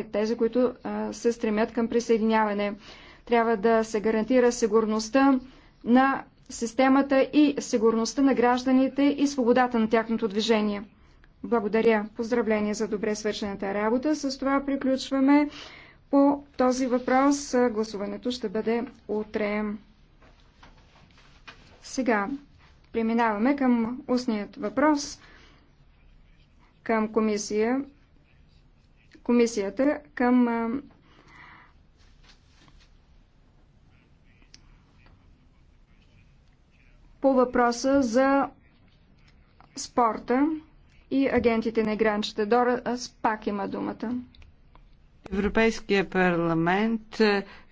Е тези, които се стремят към присъединяване. Трябва да се гарантира сигурността на системата и сигурността на гражданите и свободата на тяхното движение. Благодаря. Поздравления за добре свършената работа. С това приключваме по този въпрос. Гласуването ще бъде утре. Сега преминаваме към устният въпрос към комисия комисията към по въпроса за спорта и агентите на игранчета. Дора аз пак има думата. Европейския парламент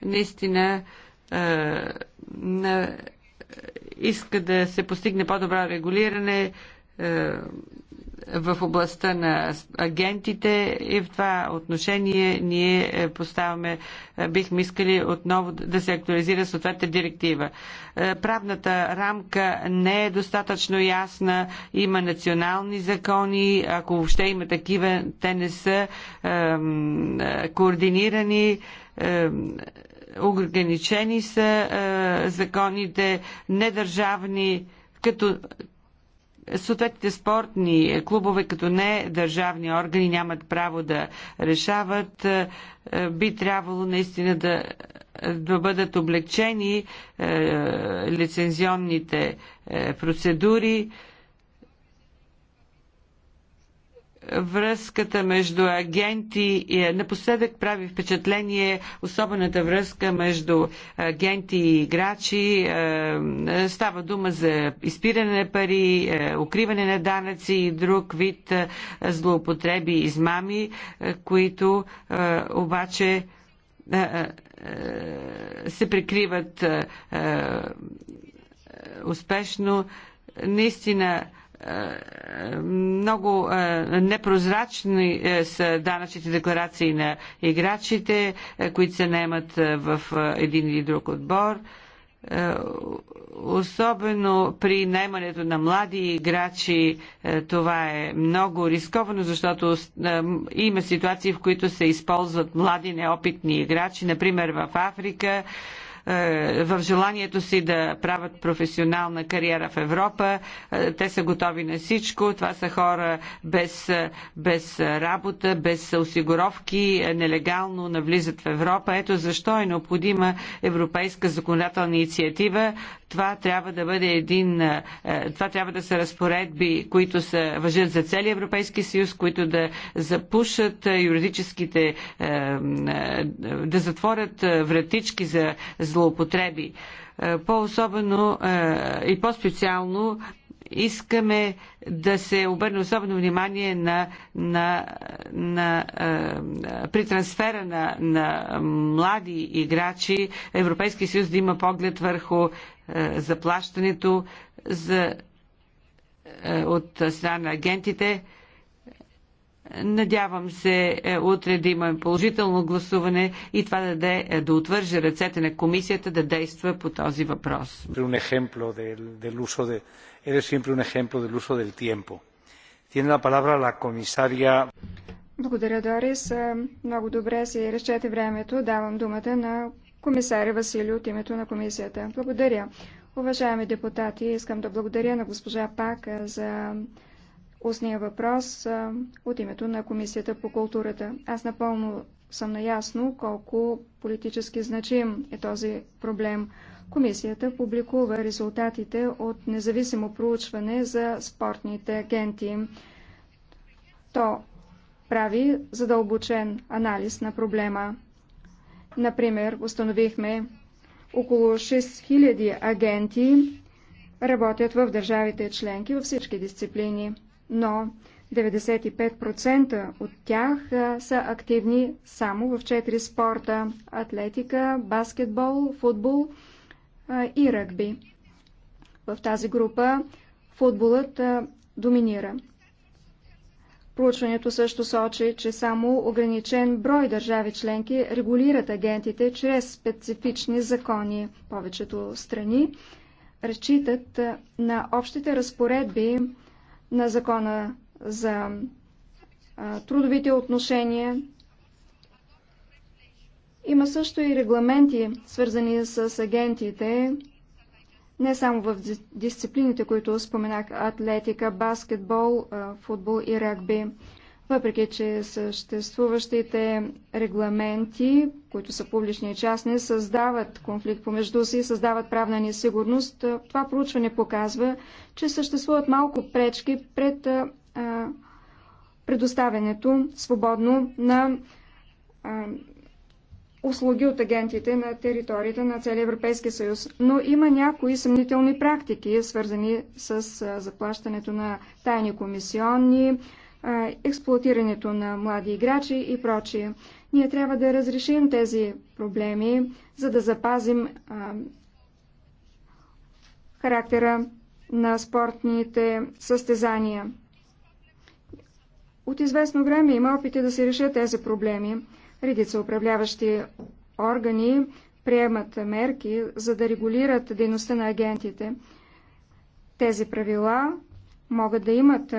наистина иска да се постигне по добра регулиране в областта на агентите и в това отношение ние е, поставяме, е, бихме искали отново да се актуализира съответната директива. Е, правната рамка не е достатъчно ясна, има национални закони, ако въобще има такива, те не са координирани. ограничени са е, законите, недържавни като съответните спортни клубове, като не държавни органи, нямат право да решават. Е, е, би трябвало наистина да, да бъдат облегчени е, лицензионните процедури. връзката между агенти и е, напоследък прави впечатление особената връзка между агенти и играчи. Е, е, става дума за изпиране на пари, укриване на данъци и друг вид злоупотреби и измами, които обаче се прикриват успешно. Наистина, е, много е, непрозрачни е, са данъчните декларации на играчите, които се наемат в един или друг отбор. Особено при наймането на млади играчи това е много рисковано, защото има ситуации, в които се използват млади неопитни играчи, например в Африка е, в желанието си да правят професионална кариера в Европа. Е, те са готови на всичко. Това са хора без, без работа, без осигуровки, е, нелегално навлизат в Европа. Ето защо е необходима европейска законодателна инициатива, това трябва да бъде един, е, е, това трябва да са разпоредби, които са, въжат за целия Европейски съюз, които да запушат е, юридическите, да затворят вратички за злоупотреби по-особено и по-специално искаме да се обърне особено внимание на, на, на, на е, при трансфера на, на млади играчи Европейски съюз да има поглед върху е, заплащането за, е, от страна на агентите. Е, Надявам се е, утре да имаме положително гласуване и това да, де, е, да отвърже ръцете на комисията да действа по този въпрос. Благодаря, Дорис. Е, много добре си разчете времето. Давам думата на комисаря Василио от името на комисията. Благодаря. Уважаеми депутати, искам да благодаря на госпожа Пак за устния въпрос а, от името на Комисията по културата. Аз напълно съм наясно колко политически значим е този проблем. Комисията публикува резултатите от независимо проучване за спортните агенти. То прави задълбочен анализ на проблема. Например, установихме около 6000 агенти работят в държавите членки във всички дисциплини но 95% от тях са активни само в 4 спорта – атлетика, баскетбол, футбол и ръгби. В тази група футболът доминира. Проучването също сочи, че само ограничен брой държави членки регулират агентите чрез специфични закони. Повечето страни разчитат на общите разпоредби на закона за трудовите отношения. Има също и регламенти, свързани с агентите, не само в дисциплините, които споменах, атлетика, баскетбол, футбол и регби. Въпреки, че съществуващите регламенти, които са публични и частни, създават конфликт помежду си, създават правна несигурност, това проучване показва, че съществуват малко пречки пред а, предоставянето свободно на а, услуги от агентите на територията на целия Европейски съюз. Но има някои съмнителни практики, свързани с заплащането на тайни комисионни, експлуатирането на млади играчи и прочие. Ние трябва да разрешим тези проблеми, за да запазим а, характера на спортните състезания. От известно време има опити да се решат тези проблеми. Редица управляващи органи приемат мерки, за да регулират дейността на агентите. Тези правила могат да имат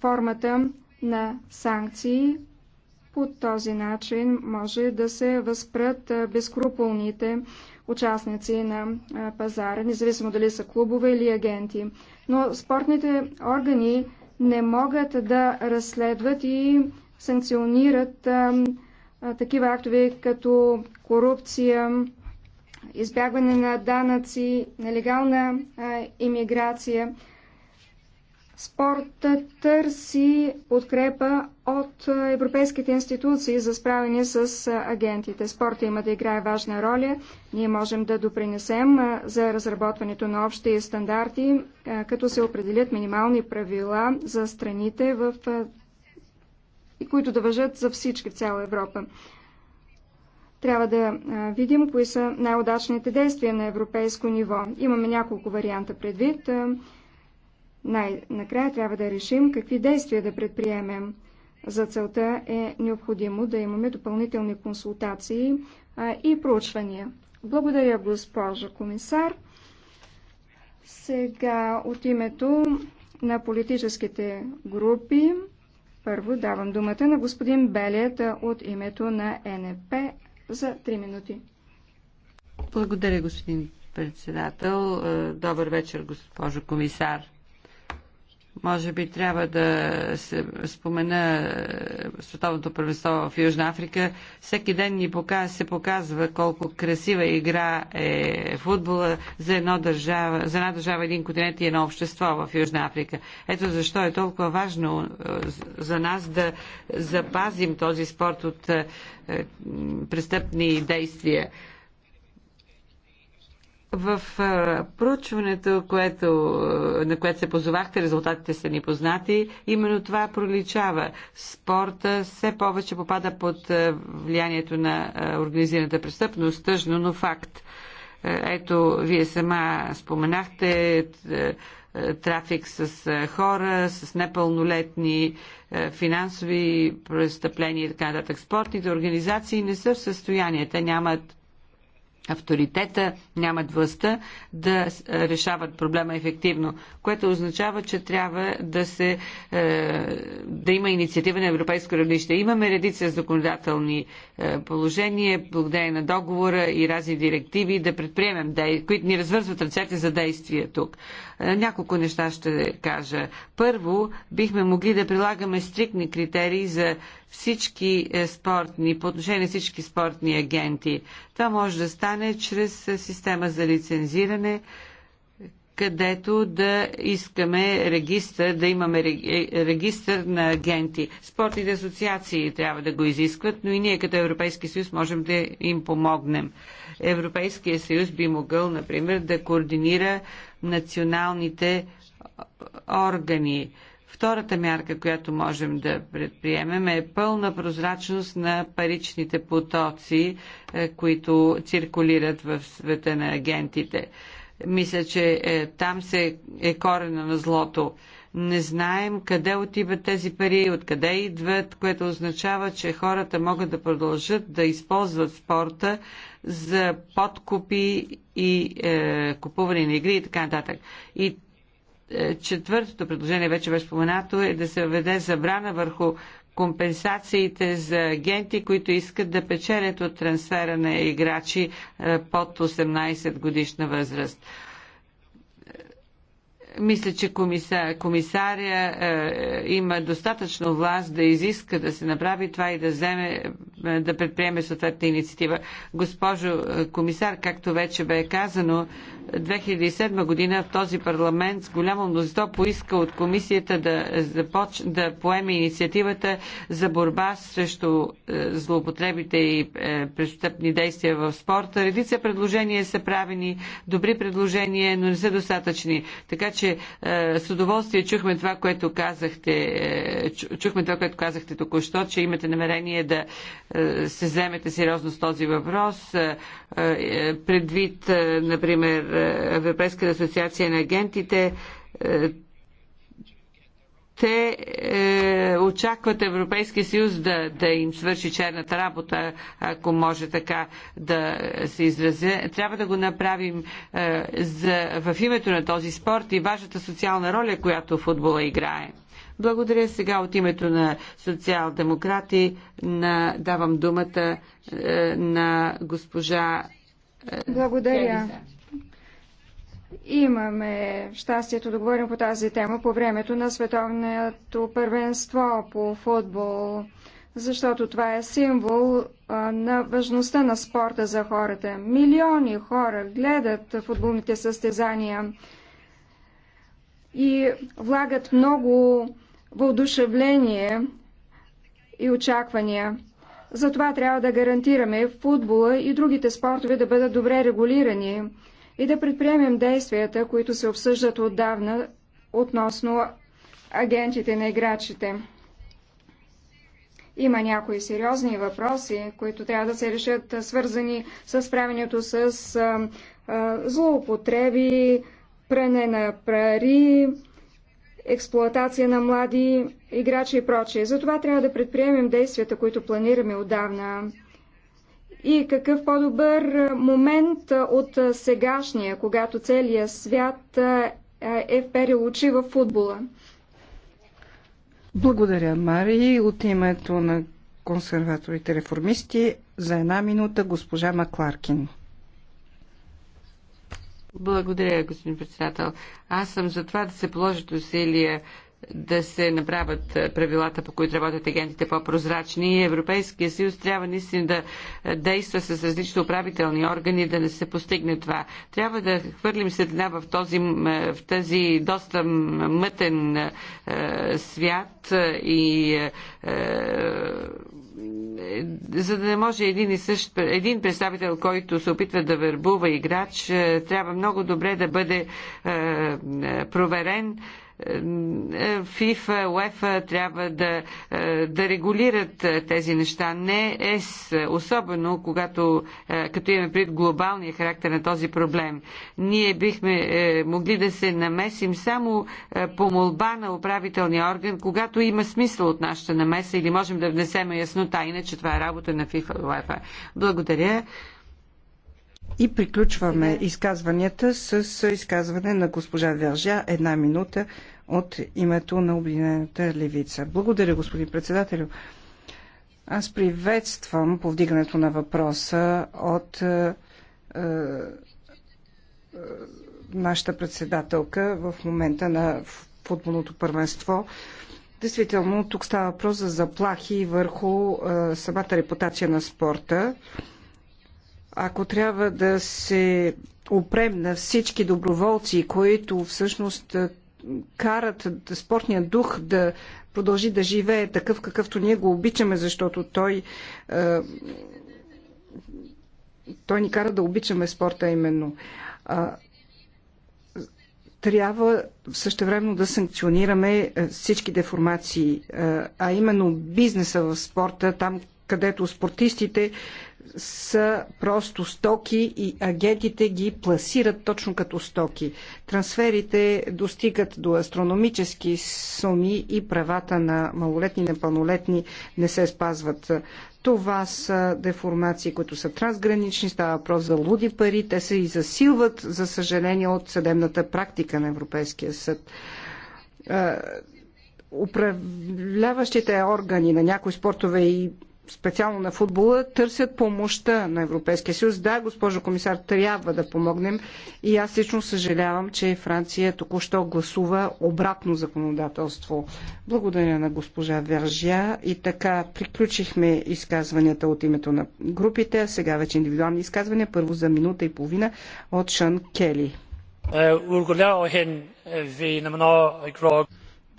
формата на санкции. По този начин може да се възпрат безкруполните участници на пазара, независимо дали са клубове или агенти. Но спортните органи не могат да разследват и санкционират а, а, такива актове като корупция, избягване на данъци, нелегална а, иммиграция. Спортът търси подкрепа от европейските институции за справяне с агентите. Спорта има да играе важна роля. Ние можем да допринесем за разработването на общи стандарти, като се определят минимални правила за страните, в... които да въжат за всички в цяла Европа. Трябва да видим кои са най-удачните действия на европейско ниво. Имаме няколко варианта предвид. Най-накрая трябва да решим какви действия да предприемем. За целта е необходимо да имаме допълнителни консултации а, и проучвания. Благодаря, госпожа комисар. Сега от името на политическите групи първо давам думата на господин Белият от името на НП за 3 минути. Благодаря, господин председател. Е, добър вечер, госпожо комисар. Може би трябва да се спомена е, Световното първенство в Южна Африка. Всеки ден ни показва, се показва колко красива игра е футбола за, едно държава, за една държава, един континент и едно общество в Южна Африка. Ето защо е толкова важно е, за нас да запазим този спорт от е, престъпни действия. В а, проучването, което, на което се позовахте, резултатите са ни познати, именно това проличава. Спорта все повече попада под влиянието на организираната престъпност, тъжно, но факт. Ето, вие сама споменахте трафик с хора, с непълнолетни, финансови престъпления и така нататък. Спортните организации не са в състояние. Те нямат авторитета, нямат властта да е, решават проблема ефективно, което означава, че трябва да, се, е, да има инициатива на европейско равнище. Имаме редица законодателни е, положения, благодарение на договора и разни директиви, да предприемем, които ни развързват ръцете за действие тук. Няколко неща ще кажа. Първо, бихме могли да прилагаме стрикни критерии за всички е, спортни, по отношение на всички спортни агенти. Това може да стане чрез е, система за лицензиране, където да искаме регистър, да имаме е, регистър на агенти. Спортните асоциации трябва да го изискват, но и ние като Европейски съюз можем да им помогнем. Европейския съюз би могъл, например, да координира националните органи Втората мярка, която можем да предприемем е пълна прозрачност на паричните потоци, е, които циркулират в света на агентите. Мисля, че е, там се е корена на злото. Не знаем къде отиват тези пари, откъде идват, което означава, че хората могат да продължат да използват спорта за подкупи и е, купуване на игри и така нататък. И е, четвъртото предложение, вече беше споменато, е да се введе забрана върху компенсациите за агенти, които искат да печелят от трансфера на играчи е, под 18 годишна възраст. Е, мисля, че комисар, комисаря е, има достатъчно власт да изиска да се направи това и да вземе е, да предприеме съответна инициатива. Госпожо е, комисар, както вече бе казано, 2007 година в този парламент с голямо мнозинство поиска от комисията да, поч... да поеме инициативата за борба срещу е, злоупотребите и престъпни действия в спорта. Редица предложения са правени, добри предложения, но не са достатъчни. Така че с удоволствие чухме това, което казахте, чухме това, което казахте току-що, че имате намерение да е, се вземете сериозно с този въпрос, е, е, предвид, например, Европейската асоциация на агентите, те е, очакват Европейския съюз да, да им свърши черната работа, ако може така да се изразя. Трябва да го направим е, за, в името на този спорт и вашата социална роля, която футбола играе. Благодаря сега от името на социал-демократи. На, давам думата е, на госпожа. Е, Благодаря. Имаме щастието да говорим по тази тема по времето на световното първенство по футбол, защото това е символ е, на важността на спорта за хората. Милиони хора гледат футболните състезания и влагат много въодушевление и очаквания. Затова трябва да гарантираме футбола и другите спортове да бъдат добре регулирани и да предприемем действията, които се обсъждат отдавна относно агентите на играчите. Има някои сериозни въпроси, които трябва да се решат, свързани с правенето с а, а, злоупотреби, пране на пари, експлоатация на млади играчи и прочие. Затова трябва да предприемем действията, които планираме отдавна. И какъв по-добър момент от сегашния, когато целият свят е, е вперил очи в футбола. Благодаря, Мари. От името на консерваторите реформисти за една минута госпожа Макларкин. Благодаря, господин председател. Аз съм за това да се положат усилия да се направят е, правилата, по които работят агентите по-прозрачни. Европейския съюз трябва наистина да е, действа с различни управителни органи, да не се постигне това. Трябва да хвърлим седна в този, е, в този доста мътен свят и за да не може един, и същ, един представител, който се опитва да вербува играч, трябва много добре да бъде проверен е, е, ФИФА, УЕФА трябва да, е, да регулират тези неща. Не ЕС, особено когато като имаме пред глобалния характер на този проблем. Ние бихме могли да се намесим само по молба на управителния орган, когато има смисъл от нашата намеса или можем да внесем яснота, иначе това е работа на ФИФА, УЕФА. Благодаря. И приключваме изказванията с изказване на госпожа Вержа. Една минута от името на Обединената левица. Благодаря, господин председателю. Аз приветствам повдигането на въпроса от е, е, нашата председателка в момента на футболното първенство. Действително, тук става въпрос за заплахи върху е, самата репутация на спорта. Е, ако трябва да се опрем на всички доброволци, които всъщност карат спортния дух да продължи да живее такъв, какъвто ние го обичаме, защото той, е, той ни кара да обичаме спорта именно. А, трябва същевременно да санкционираме всички деформации, а именно бизнеса в спорта, там където спортистите са просто стоки и агентите ги пласират точно като стоки. Трансферите достигат до астрономически суми и правата на малолетни и непълнолетни не се спазват. Това са деформации, които са трансгранични, става въпрос за луди пари, те се и засилват, за съжаление, от съдебната практика на Европейския съд е, управляващите органи на някои спортове и специално на футбола, търсят помощта на Европейския съюз. Да, госпожо комисар, трябва да помогнем и аз лично съжалявам, че Франция току-що гласува обратно законодателство. Благодаря на госпожа Вержия и така приключихме изказванията от името на групите, а сега вече индивидуални изказвания, първо за минута и половина от Шан Кели.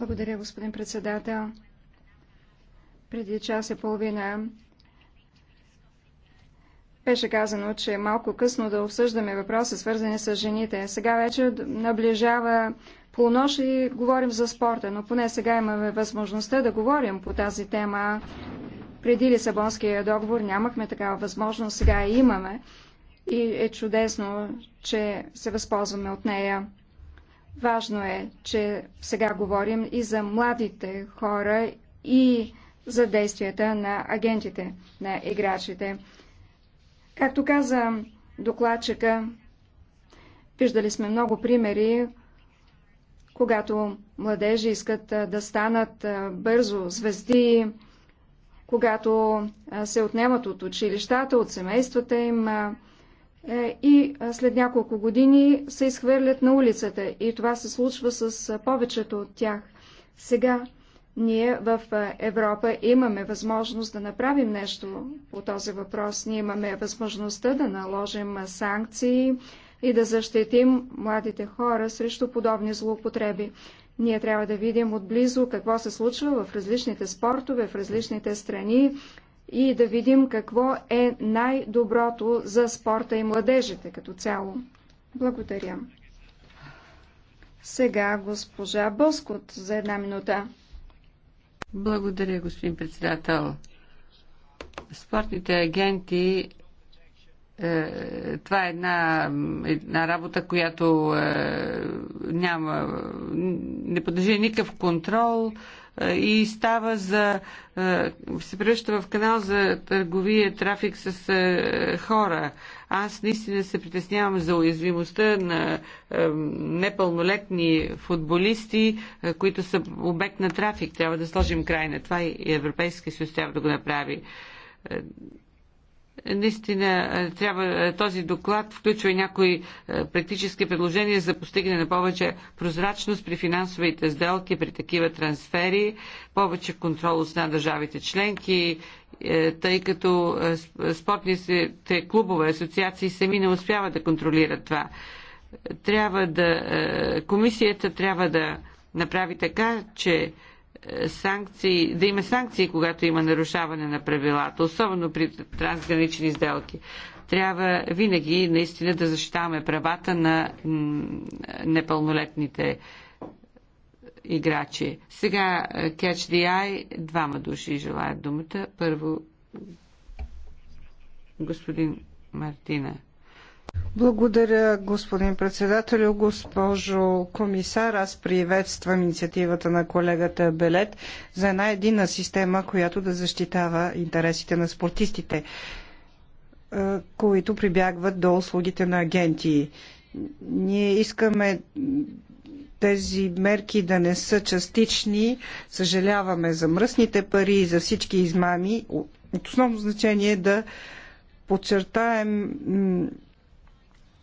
Благодаря, господин председател. Преди час и половина беше казано, че е малко късно да обсъждаме въпроси, свързани с жените. Сега вече наближава полунощ и говорим за спорта, но поне сега имаме възможността да говорим по тази тема. Преди Лисабонския договор нямахме такава възможност, сега я имаме и е чудесно, че се възползваме от нея. Важно е, че сега говорим и за младите хора и за действията на агентите, на играчите. Както каза докладчика, виждали сме много примери, когато младежи искат да станат бързо звезди, когато се отнемат от училищата, от семействата им е, и след няколко години се изхвърлят на улицата. И това се случва с повечето от тях. Сега ние в Европа имаме възможност да направим нещо по този въпрос. Ние имаме възможността да наложим санкции и да защитим младите хора срещу подобни злоупотреби. Ние трябва да видим отблизо какво се случва в различните спортове, в различните страни и да видим какво е най-доброто за спорта и младежите като цяло. Благодаря. Сега госпожа Бълскот за една минута. Благодаря, господин председател. Спортните агенти е, това е една, една работа, която е, няма, не подлежи никакъв контрол, е, и става за. Е, се превръща в канал за търговия, трафик с е, хора. Аз наистина се притеснявам за уязвимостта на непълнолетни футболисти, които са обект на трафик. Трябва да сложим край на това и Европейския съюз трябва да го направи Наистина е, трябва е, този доклад включва и някои е, практически предложения за постигане на повече прозрачност при финансовите сделки, при такива трансфери, повече контрол от на държавите членки, тъй като спортните клубове, асоциации сами не успяват да контролират това. Трябва да, комисията трябва да направи така, че санкции, да има санкции, когато има нарушаване на правилата, особено при трансгранични сделки. Трябва винаги наистина да защитаваме правата на непълнолетните играчи. Сега е, Catch the Eye. Двама души желаят думата. Първо господин Мартина. Благодаря, господин председател, Госпожо комисар, аз приветствам инициативата на колегата Белет за една единна система, която да защитава интересите на спортистите, е, които прибягват до услугите на агенти. Ние искаме тези мерки да не са частични. Съжаляваме за мръсните пари и за всички измами. От основно значение е да подчертаем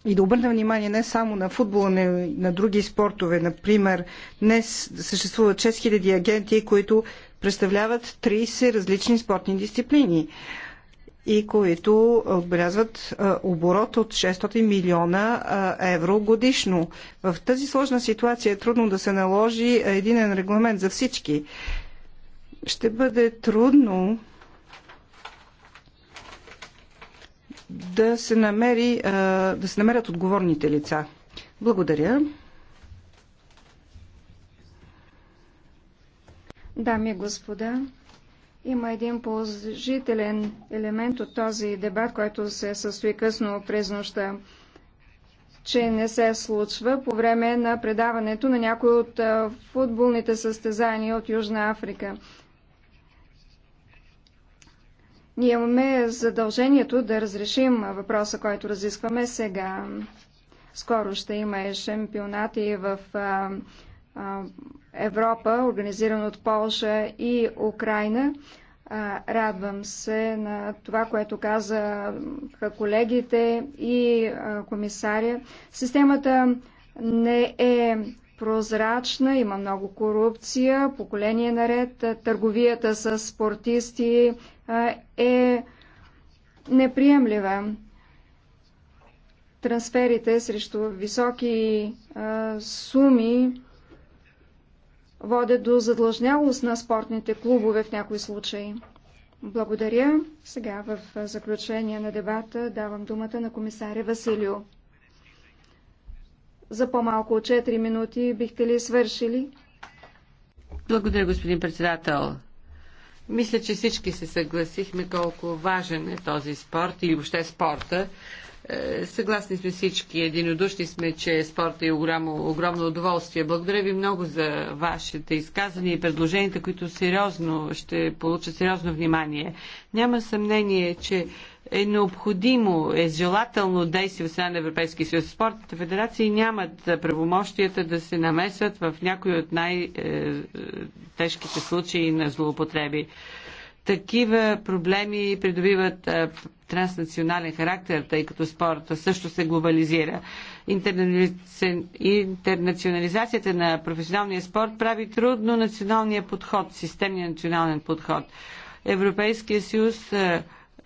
и да обърнем внимание не само на футбола, но и на други спортове. Например, днес съществуват 6000 агенти, които представляват 30 различни спортни дисциплини и които отбелязват оборот от 600 милиона евро годишно. В тази сложна ситуация е трудно да се наложи единен регламент за всички. Ще бъде трудно да се, намери, да се намерят отговорните лица. Благодаря. Дами и господа, има един положителен елемент от този дебат, който се състои късно през нощта, че не се случва по време на предаването на някои от футболните състезания от Южна Африка. Ние имаме задължението да разрешим въпроса, който разискваме сега. Скоро ще има шампионати в а, а, Европа, организиран от Полша и Украина. А, радвам се на това, което казаха колегите и а, комисаря. Системата не е прозрачна, има много корупция, поколение наред, търговията с спортисти, е неприемлива. Трансферите срещу високи суми водят до задлъжнялост на спортните клубове в някои случаи. Благодаря. Сега в заключение на дебата давам думата на комисаря Василио. За по-малко от 4 минути бихте ли свършили? Благодаря, господин председател. Мисля, че всички се съгласихме колко важен е този спорт или въобще спорта. Е, съгласни сме всички, единодушни сме, че спорта е огромно, огромно удоволствие. Благодаря ви много за вашите изказания и предложенията, които сериозно ще получат сериозно внимание. Няма съмнение, че е необходимо, е желателно действие от страна на Европейския съюз. Спортните федерации нямат правомощията да се намесват в някои от най-тежките случаи на злоупотреби. Такива проблеми придобиват транснационален характер, тъй като спорта също се глобализира. Интернационализацията на професионалния спорт прави трудно националния подход, системния национален подход. Европейския съюз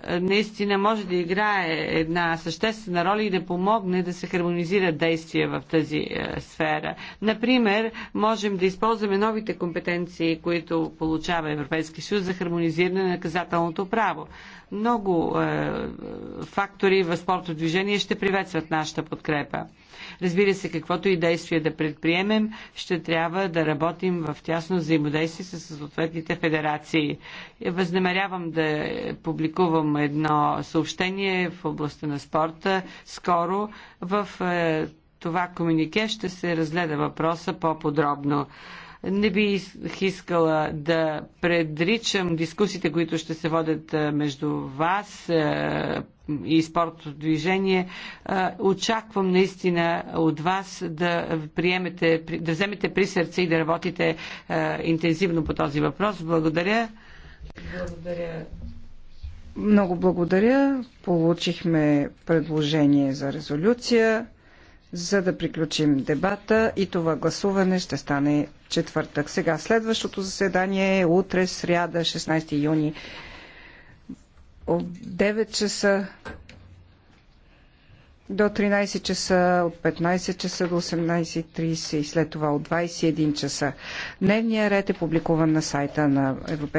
е, наистина може да играе една съществена роля и да помогне да се хармонизират действия в тази е, сфера. Например, можем да използваме новите компетенции, които получава Европейски съюз за хармонизиране на наказателното право. Много е, фактори в спорто движение ще приветстват нашата подкрепа. Разбира се, каквото и действие да предприемем, ще трябва да работим в тясно взаимодействие с съответните федерации. Възнамерявам да публикувам едно съобщение в областта на спорта скоро в е, това комунике ще се разгледа въпроса по-подробно. Не бих искала да предричам дискусиите, които ще се водят между вас и спортното движение. Очаквам наистина от вас да приемете, да вземете при сърце и да работите интензивно по този въпрос. Благодаря. Благодаря. Много благодаря. Получихме предложение за резолюция за да приключим дебата и това гласуване ще стане четвъртък. Сега следващото заседание е утре, сряда, 16 юни от 9 часа до 13 часа, от 15 часа до 18.30 и след това от 21 часа. Дневният ред е публикуван на сайта на Европейския